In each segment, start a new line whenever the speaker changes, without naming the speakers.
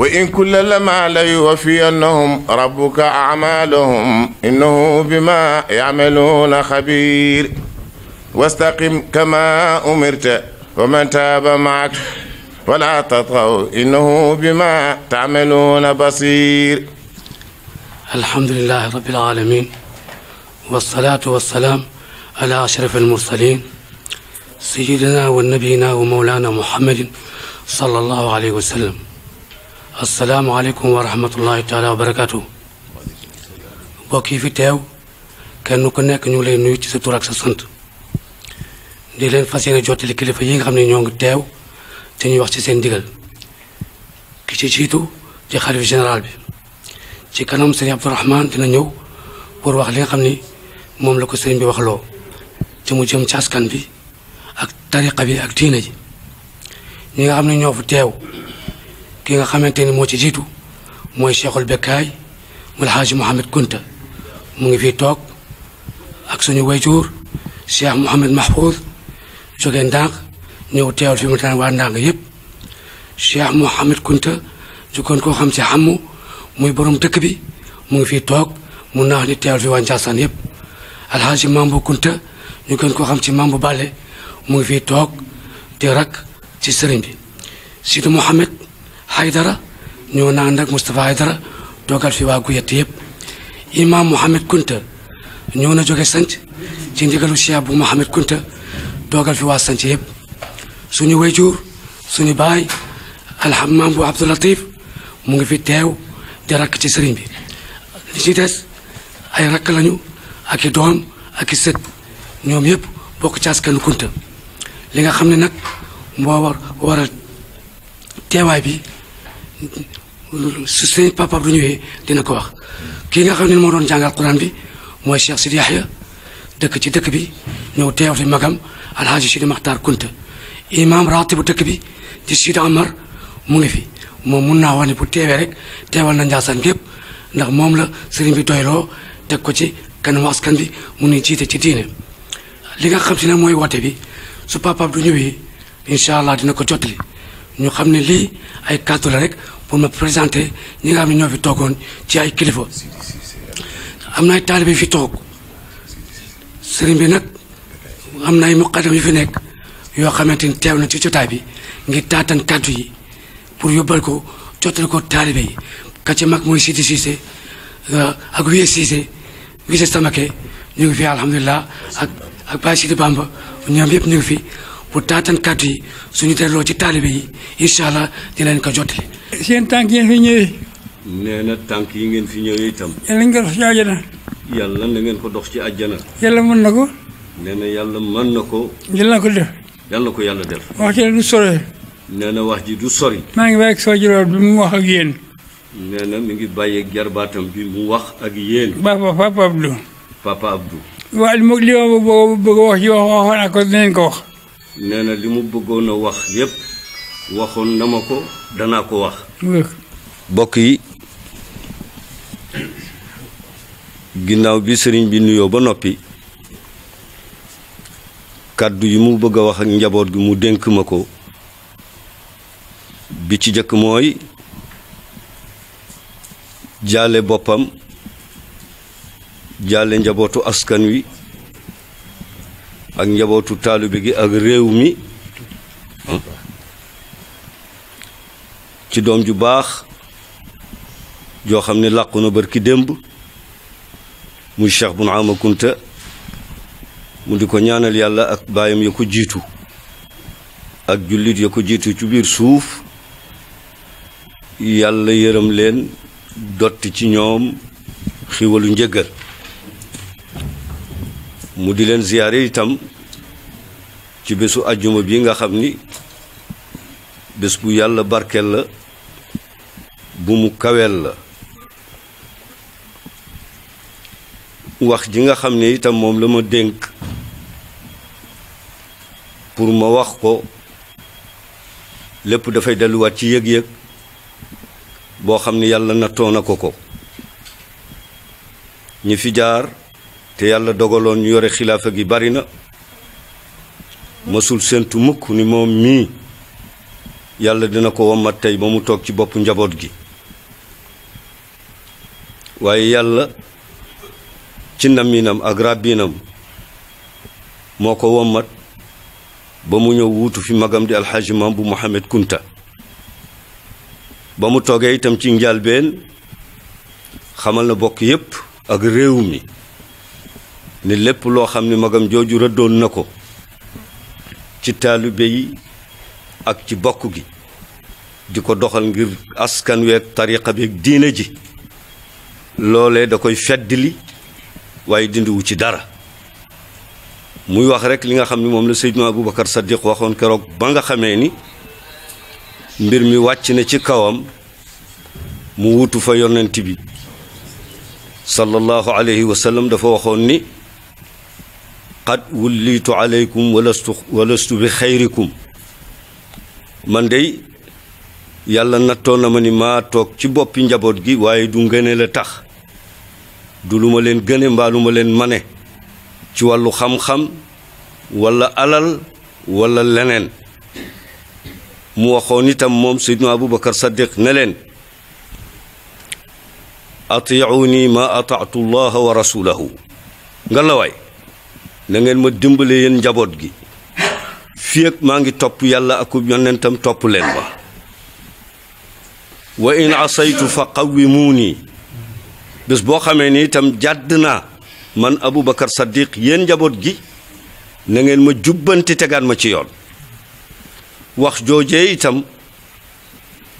وإن كل لما ليوفينهم ربك أعمالهم إنه بما يعملون خبير واستقم كما أمرت ومن تاب معك ولا تطغوا
إنه بما تعملون بصير الحمد لله رب العالمين والصلاة والسلام على أشرف المرسلين سيدنا ونبينا ومولانا محمد صلى الله عليه وسلم asalaamaaleykum wa rahmatullahi taala wa barakaatu. mbokk yi fi teew kenn ku nekk ñu ngi lay nuyu ci sa sa sant di leen fas yéene jottali kilifa yi nga xam ne ñoo ngi teew te ñuy wax ci seen digal ki ci jiitu ci xalif général bi ci kanam sëriñ Abdourahman dina ñëw pour wax li nga xam ni moom la ko sëriñ bi waxloo te mu jëm ci askan bi ak tariqa bi ak diine ji ñi nga xam ne ñoo fi teew. ki nga xamante ni moo ci jiitu mooy cheikhul bekkaay mul haaji Mouhamed Kunta mu ngi fi toog ak suñu wayjuur cheikh Mouhamed Mahfouz jógee ndànk ñëw teewal fi mu taan waa ndànk yépp cheikh Mouhamed Kunta jukkoon koo xam ci xamu muy borom dëkk bi mu ngi fii toog mun naa ni teewal fi waa Njaasaan yépp alhaaji Mambu Kunta ñu gën koo xam ci Mambu bale mu ngi fii toog di rak ci sëriñ bi Haydara ñoo naan ak Moustapha Haydara toogal fi waa Guyette yëpp imam Mouhamed Kunta ñoo na jóge sanc ci ndigalu Cheikh bu Mouhamed Kunta toogal fi waa sanc yëpp suñu wayjuur suñu baay alhamam bu Abdoulatif mu ngi fi teew di rakk ci sëriñ bi li ci ay rakk lañu ak i doom ak i sët ñoom yëpp bokk ci askanu Kunta li nga xam ni nag moo war teewaay bi su seen papa bu ñëwee dina ko wax kii nga xam ne moo doon jàngal quran bi mooy Cheikh Sidi Yahya dëkk ci dëkk bi ñëw teew fi magam alhaaji Sidi Maxtaar Kunta imam raatibu dëkk bi di Sidi Amar mu ngi fi moom mun naa wax ne bu teewee rek teewal na Njaasaan gépp ndax moom la sëriñ bi doyloo teg ko ci kanamu askan bi mu ni jiite ci diine li nga xam si ne mooy woote bi su papa du ñëwee incha allah dina ko jottali ñu xam ne lii ay kàddu la rek pour ma présenter ñi nga xam ne ñoo fi toogoon ci ay kilifa am na ay fi toog sëriñ bi nag am na ay muqaddam yu fi nekk yoo xamante ni teew na ci jotaay bi ngi taatan kàddu yi pour yóbbal ko jotal ko taalibe yi ka ci mag mooy Sidi Cissé euh, ak Wiye Cissé Wiye Samake ñu ngi fi alhamdulilah ak ak Baye Sidi Bamba ñoom yëpp ñu ngi fi. pour taatan kàddu yi suñu delloo ci taalibe yi incha allah di leen ko jottali. seen tànk yi ngeen fi ñëwee.
nee na tànk yi ngeen fi ñëwee itam. yàlla ngeen ko na ngeen ko dox ci àjjana.
yàlla mën na ko.
nee na yàlla mën na ko. yàlla na ko def. yàlla ko yàlla def.
wax ci du sori.
nee na wax ji du sori. maa ngi bàyyi ak sama bi mu wax ak yéen. nee na mi ngi bàyyi jarbaatam bi mu wax ak yéen. papa papa Abdou. papa Abdou. waaye
li ma li ma bëgg a wax ji wax waxoon naa ko
dinañ ko wax. neena na li mu bëggoon a wax yépp waxoon na ma ko dana ko wax bokk yi ginnaaw bi sëriñ bi nuyoo ba noppi kàddu yi mu bëgg a wax ak njaboot gi mu dénk ma ko bi ci jëkk mooy jaale boppam jaale njabootu askan wi ak njabootu taalibe gi ak réew mi ci doom ju baax joo xam ne làqu na barki démb muy Cheikh Boun Ama Kunta mu di ko ñaanal yàlla ak baayam ya ko jiitu ak jullit ya ko jiitu ci biir suuf yàlla yërëm leen dotti ci ñoom xiwalu njëgal mu di leen ziyaare itam ci bésu ajjuma bi nga xam ni bés bu yàlla barkeel la bu mu kaweel la wax ji nga xam ne itam moom la ma dénk pour ma wax ko lépp dafay delluwaat ci yëg-yëg boo xam ne yàlla nattoo na ko ko ñi fi te yàlla dogaloon ñu yore xilaafa gi bari na mësul séentu mukk ni moom mii yàlla dina ko wommat tey ba mu toog ci boppu njaboot gi waaye yàlla ci naminam ak ràbbinam moo ko wommat ba mu ñëw wuutu fi magam di alxaaji maam bu Mohamed Kunta ba mu toogee itam ci njàlbeen xamal na bokk yépp ak réew mi ne lépp loo xam ne magam jooju rëddoon na ko ci taalibe yi ak ci bokk gi di ko doxal ngir askan week tariqa bi ak diine ji loolee da koy feddli waaye dindiwu ci dara muy wax rek li nga xam ne moom la Seydina Aboubacar Saddiq waxoon keroog ba nga xamee ni mbir mi wàcc na ci kawam mu wutu fa yonent bi sallallahu alayhi wa dafa waxoon ni qad wullitu aleykum walastu walastu bi xayrikum man dey yàlla nattoo na ma ni maa toog ci boppi njaboot gi waaye du ngëne la tax du lu ma leen gëne mbaa lu ma leen mane ci wàllu xam-xam walla alal walla leneen mu waxoon itam moom seydna abubakar saddiq ne leen atiiwu nii ma ataatu llaha wa rasulahu nga na ngeen ma dimbale yéen njaboot gi fii maa ngi topp yàlla ak yonentam topp leen ma wa in asaytu fa qawwimuuni bés boo xamee ni itam jàdd naa man Aboubacar Saddiq yéen njaboot gi na ngeen ma jubbanti tegaat ma ci yoon wax joojee itam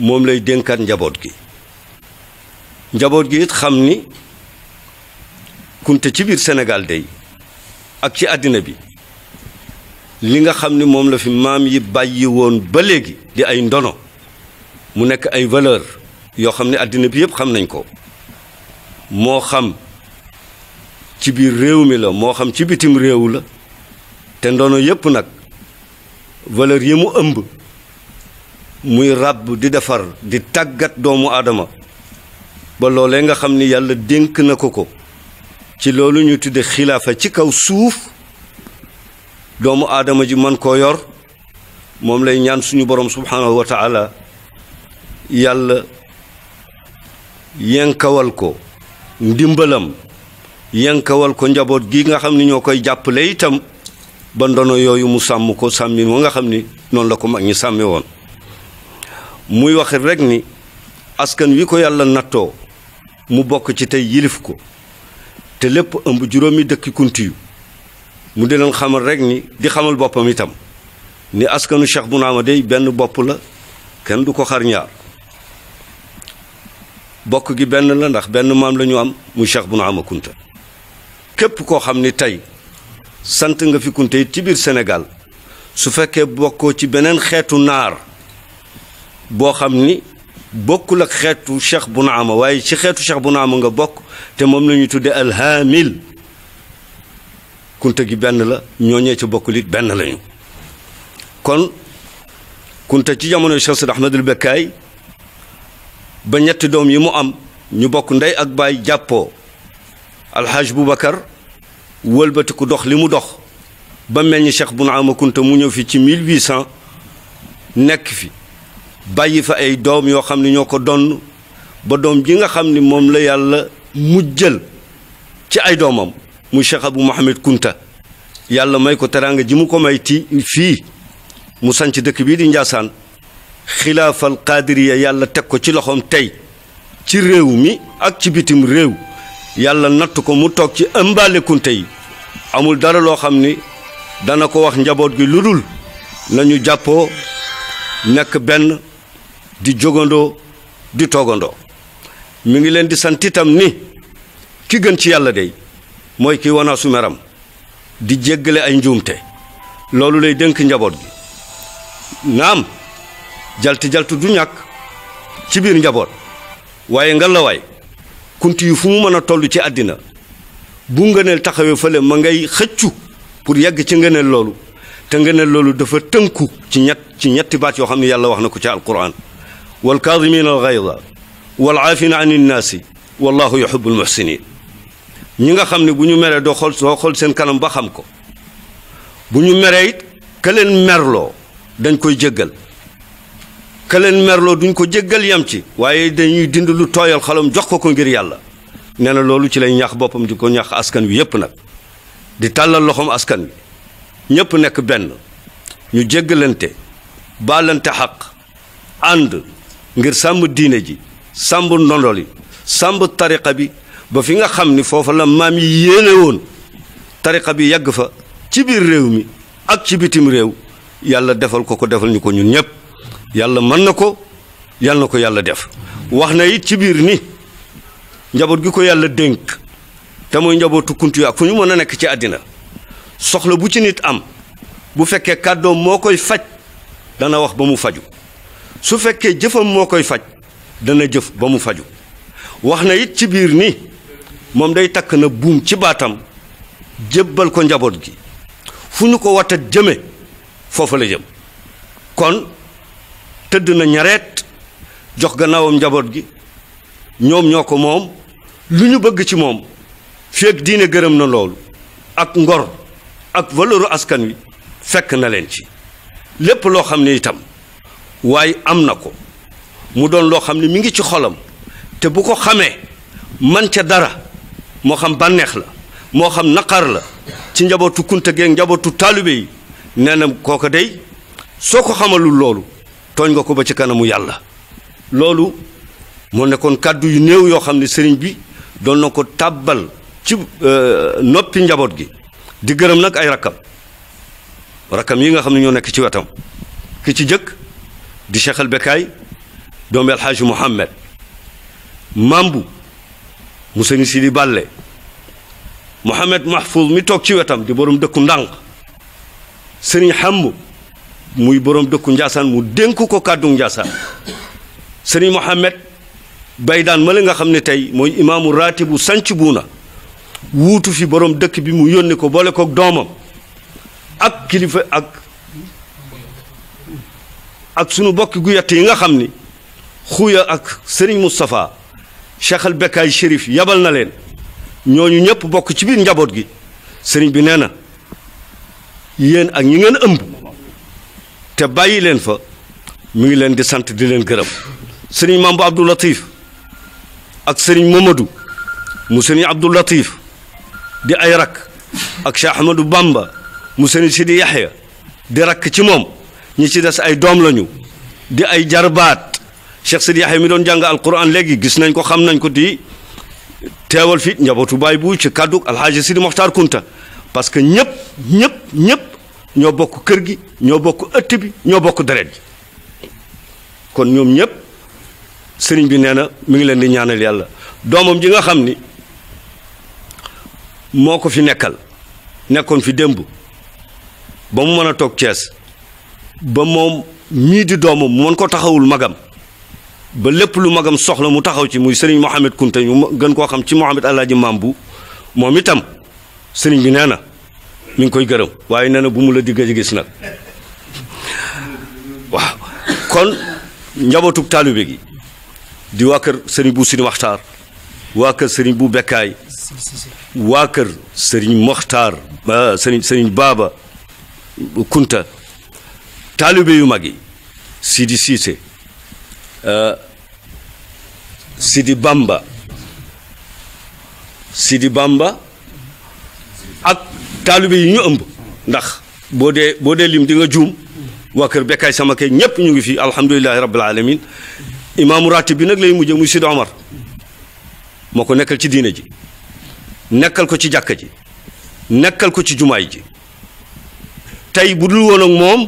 moom lay dénkaat njaboot gi njaboot gi it xam ni kunte ci biir Sénégal day ak ci àddina bi li nga xam ni moom la fi maam yi bàyyi woon ba léegi di ay ndono mu nekk ay valeur yoo xam ne àddina bi yëpp xam nañ ko moo xam ci biir réew mi la moo xam ci bitim réew la te ndono yëpp nag valeur yi mu ëmb muy ràbb di defar di tàggat doomu aadama ba loolee nga xam ni yàlla dénk na ko ko ci loolu ñu tudde xilaafa ci kaw suuf doomu aadama ji man koo yor moom lay ñaan suñu borom subhaanahu wa taala yàlla yenkawal ko ndimbalam yenkawal ko njaboot gi nga xam ni ñoo koy jàppale itam ba ndono yooyu mu sàmm ko sàmmin wa nga xam ni noonu la ko mag ñi sàmme woon muy wax rekk ni askan wi ko yàlla nattoo mu bokk ci tey yilif ko te lépp ëmb juróomi dëkki kunti yu mu di leen xamal rekk ni di xamal boppam itam ni askanu Cheikh Bounama dey benn bopp la kenn du ko xar bokk gi benn la ndax benn maam lañu la ñu am muy Cheikh Bounama Kunta képp koo xam ni tey sant nga fi Kunta yi ci biir senegal su fekkee bokkoo ci beneen xeetu naar boo xam ni bokkul ak xeetu cheikh bu na waaye ci xeetu cheikh bu na nga bokk te moom la tuddee alhaamil kunta gi benn la ñoo ñooñee ci bokkul it benn lañu kon kunta ci jamono cheikh Sidi Ahmadul Bekkaay ba ñetti doom yi mu am ñu bokk ndey ak baay jàppoo alxaaj Boubacar wëlbatiku dox li mu dox ba mel cheikh bu na ama kunta mu ñëw fi ci 1800 nekk fi bàyyi fa ay doom yoo xam ne ñoo ko donn ba doom ji nga xam ni moom la yàlla mu jël ci ay doomam mu Cheikh Abou Mouhamed Kunta yàlla may ko teraanga ji mu ko may ti fii mu sanc dëkk bii di Njaasaan xilaafal qaadiriya yàlla teg ko ci loxoom tey ci réew mi ak ci bitim réew yàlla natt ko mu toog ci ëmbaale kunte yi amul dara loo xam ni dana ko wax njaboot gi lu dul nañu jàppoo nekk benn di jógandoo di toogandoo mi ngi leen di sant itam ni ki gën ci yàlla de mooy kiy wanaasu meram di jéggale ay njuumte loolu lay dënk njaboot gi naam jalt jaltu du ñàkk ci biir njaboot waaye nga lawaay yu fu mu mën a toll ci àddina bu ngëneel taxawee fële ma ngay xëccu pour yegg ci ngëneel loolu te ngëneel loolu dafa tënku ci ñett ci ñetti baat yoo xam ne yàlla wax na ko ci alquran walkaadimiina alxayda walcaafina an innaasi wallahu yuhibbul muhsinin ñi nga xam ne bu ñu meree doo xool doo xool seen kanam ba xam ko bu ñu meree it ka merloo dañ koy jéggal ka merloo duñ ko jëggal yam ci waaye dañuy dind lu tooyal xalam jox ko ko ngir yàlla nee na loolu ci lay ñax boppam di ko ñax askan wi yépp nag di tàllal loxoom askan wi ñépp nekk benn ñu jéggalante baalante xaq ànd ngir sàmb diine ji sàmm ndondol yi sàmm tariqa bi ba fi nga xam ni foofa la maam yi yéene woon tariqa bi yàgg fa ci biir réew mi ak ci bitim réew yàlla defal ko ko defal ñu ko ñun ñëpp yàlla mën na ko yàlla na ko yàlla def wax na it ci biir ni njaboot gi ko yàlla dénk te mooy njabootu kuntu ak fu ñu mën a nekk ci àddina soxla bu ci nit am bu fekkee kàddoom moo koy faj dana wax ba mu faju su fekkee jëfam moo koy faj dana jëf ba mu faju wax na it ci biir ni moom day takk na buum ci baatam jébbal ko njaboot gi fu ñu ko watat jëme foofa la jëm kon tëdd na ñareet jox gannaawam njaboot gi ñoom ñoo ko moom lu ñu bëgg ci moom feeg diine gërëm na loolu ak ngor ak valeuru askan wi fekk na leen ci lépp loo xam ne itam waaye am na ko mu doon loo xam ne mi ngi ci xolam te bu ko xamee man ca dara moo xam bànneex la moo xam naqar la ci njabootu kunta geeg njabootu taalibe yi nee na kooka day soo ko xamalu loolu tooñ nga ko ba ci kanamu yàlla loolu moo nekkoon kàddu yu néew yoo xam ne sëriñ bi doon na ko tàbbal ci euh, noppi njaboot gi di gërëm nag ay rakkam rakkam yi nga xam ne ñoo nekk ci wetam ki ci jëkk di Cheikh al Bekaay doomi alxaaji Muhammad Mambu mu sëñ si di Bàlle Muhammad Mahfouz mi toog ci wetam di boroom dëkku ndànk sëriñ Xamb muy boroom dëkku Njaasaan mu dénku ko kàddu Njaasaan sëriñ Muhammad Baydaan ma la nga xam ne tey mooy imaamu raatibu sanc buuna wuutu fi boroom dëkk bi mu yónni ko boole koog doomam ak kilifa ak ak sunu bokki guyat yi nga xam ni xuya ak sëriñ Moustapha Cheikh al Bekaay Chérif yabal na leen ñooñu ñëpp bokk ci biir njaboot gi sëriñ bi nee na yéen ak ñi ngeen ëmb te bàyyi leen fa mu ngi leen di sant di leen gërëm sëriñ Mambu Abdou Latif ak sëriñ Mamadou mu sëriñ Abdou Latif di ay rakk ak Cheikh Ahmadou Bamba mu sëriñ Sidi Yaxya di rakk ci moom ñi ci des ay doom lañu di ay jarbaat Cheikh Sidi Yaxya mi doon jàng alquran léegi gis nañ ko xam nañ ko di teewal fi njabootu baay bu ci kàddu alxaaji Sidi Moxtaar Kunta parce que ñëpp ñëpp ñëpp ñoo bokk kër gi ñoo bokk ëtt bi ñoo bokk deret ji kon ñoom ñëpp sëriñ bi nee na mi ngi leen di ñaanal yàlla doomam ji nga xam ni moo ko fi nekkal nekkoon fi démb ba mu mën a toog Cees ba moom mii di doomam mën ko taxawul magam ba lépp lu magam soxla mu taxaw ci muy sëriñ Mohamed Kunta ñu gën koo xam ci Mohamed Alaaji Maam bu moom itam sëriñ bi nee na mi ngi koy gërëm waaye nee na bu mu la digg gis nag waaw kon njabootug taalibe gi di waa kër sëriñ bu Sidi Maxtaar waa kër sëriñ bu Bekkaay waa kër sëriñ Moxtaar sëriñ sëriñ Baaba Kunta taalibe yu mag yi Sidi Cissé euh, Sidi Bamba Sidi bàmba ak taalibe yi ñu ëmb ndax boo dee boo dee lim di nga juum waa kër Bekkaay sama kay ñëpp ñu ngi fi alhamdulilahi rabbil alamin imaamu ratib bi nag lay mujjee muy Sidi Omar moo ko nekkal ci diine ji nekkal ko ci jàkka ji nekkal ko ci jumaay ji tey bu dul woon moom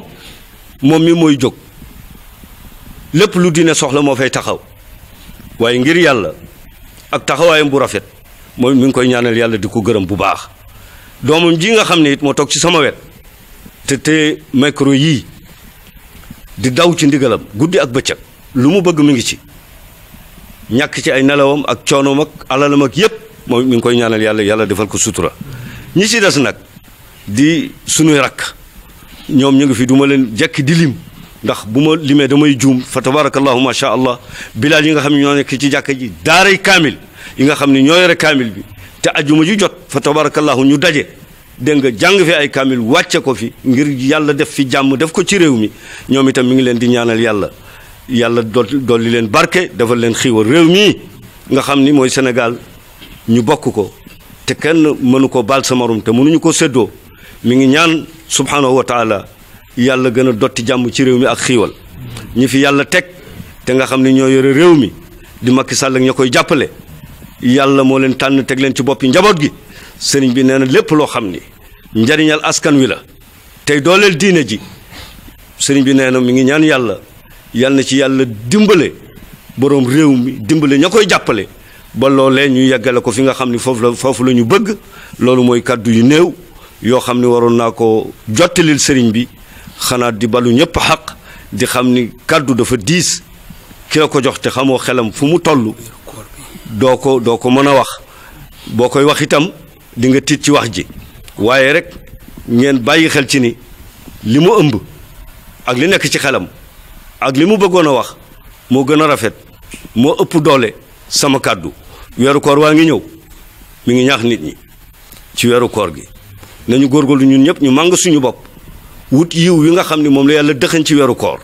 moom mi mooy jóg lépp lu diine soxla moo fay taxaw waaye ngir yàlla ak taxawaayam bu rafet mooy mu ngi koy ñaanal yàlla di ko gërëm bu baax doomam ji nga xam ne it moo toog ci sama wet te te micro yii di daw ci ndigalam guddi ak bëccëg lu mu bëgg mi ngi ci ñàkk ci ay nelawam ak coonoom ak alalam ak yépp moom mi ngi koy ñaanal yàlla yàlla defal ko sutura ñi ci des nag di sunuy rakk ñoom ñu ngi fi duma leen jekki di lim ndax bu ma limee damay juum fa tabarakallahu ma sha allah bilaal yi nga xam ne ñoo nekk ci jàkk ji daaray kaamil yi nga xam ne ñoo yore kaamil bi te ajuma ju jot fa tabarakallahu ñu daje dégg nga jàng fi ay kaamil wàcce ko fi ngir yàlla def fi jàmm def ko ci réew mi ñoom itam mi ngi leen di ñaanal yàlla yàlla dolli leen barke defal leen xiiwal réew mii nga xam ni mooy senegal ñu bokk ko te kenn mënu ko baal sa morom te mënuñu ko séddoo subhaanahu wa taala yàlla gën a dotti jàmm ci réew mi ak xiiwal ñi fi yàlla teg te nga xam ne ñoo yore réew mi di makki Sall ak ña koy jàppale yàlla moo leen tànn teg leen ci boppi njaboot gi sëriñ bi nee na lépp loo xam ni njariñal askan wi la tey dooleel diine ji sëriñ bi nee na mi ngi ñaan yàlla yàlla na ci yàlla dimbale boroom réew mi dimbale ña koy jàppale ba loolee ñu yeggale ko fi nga xam ni foofu la foofu la ñu bëgg loolu mooy kàddu yu néew yoo xam ni waroon naa ko jottalil sëriñ bi xanaa di balu ñëpp xaq di xam ni kàddu dafa diis ki la ko jox te xamoo xelam fu mu toll doo ko doo ko mën a wax boo koy wax itam di nga tiit ci wax ji waaye rek ngeen bàyyi xel ci ni li mu ëmb ak li nekk ci xelam ak li mu bëggoon a wax moo gën a rafet moo ëpp doole sama kàddu weeru waa ngi ñëw mu ngi ñax nit ñi ci weeru koor gi nañu góor góorgóorlu ñun ñëpp ñu màng suñu bopp wut yiw wi nga xam ne moom la yàlla dëxañ ci weeru koor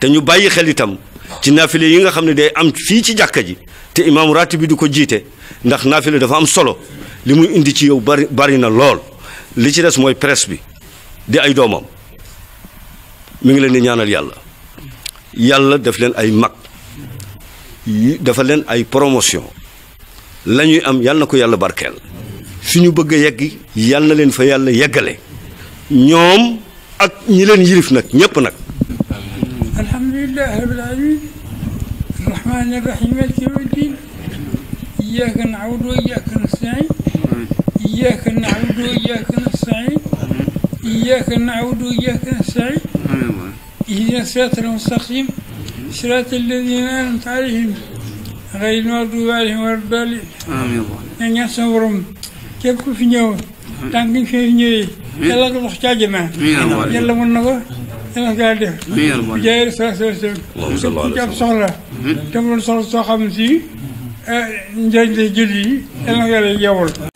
te ñu bàyyi xel itam ci naafile yi nga xam ne day am fii ci jàkka ji te imaamu raati bi du ko jiite ndax naafile dafa am solo li muy indi ci yow bari bari na lool li ci des mooy presse bi di ay doomam mu ngi leen di ñaanal yàlla yàlla def leen ay mag dafa leen ay promotion la ñuy am yàlla na ko yàlla barkeel fi ñu bëgg a yegg yàlla na leen fa yàlla yeggale ñoom ak ñi leen yilif nag ñépp nag
alhamdulillahi rabbil alamin arrahmani arrahim maliki yawmi ddin iyyaka na'budu wa iyyaka nasta'in iyyaka na'budu wa iyyaka nasta'in iyyaka na'budu wa iyyaka nasta'in ihdina siratal mustaqim siratal ladina an'amta alayhim ghayril maghdubi alayhim waladdallin amiin ñaan sa borom képp ku fi ñëw tànk ngi fi ñëwee yàlla ko dox ci àjjana na ko yàlla ko yàlla def jaayir sa sa sa ku ci soxla te soxla soo xam si eh, njëriñ lay jël yi yàlla ko yàlla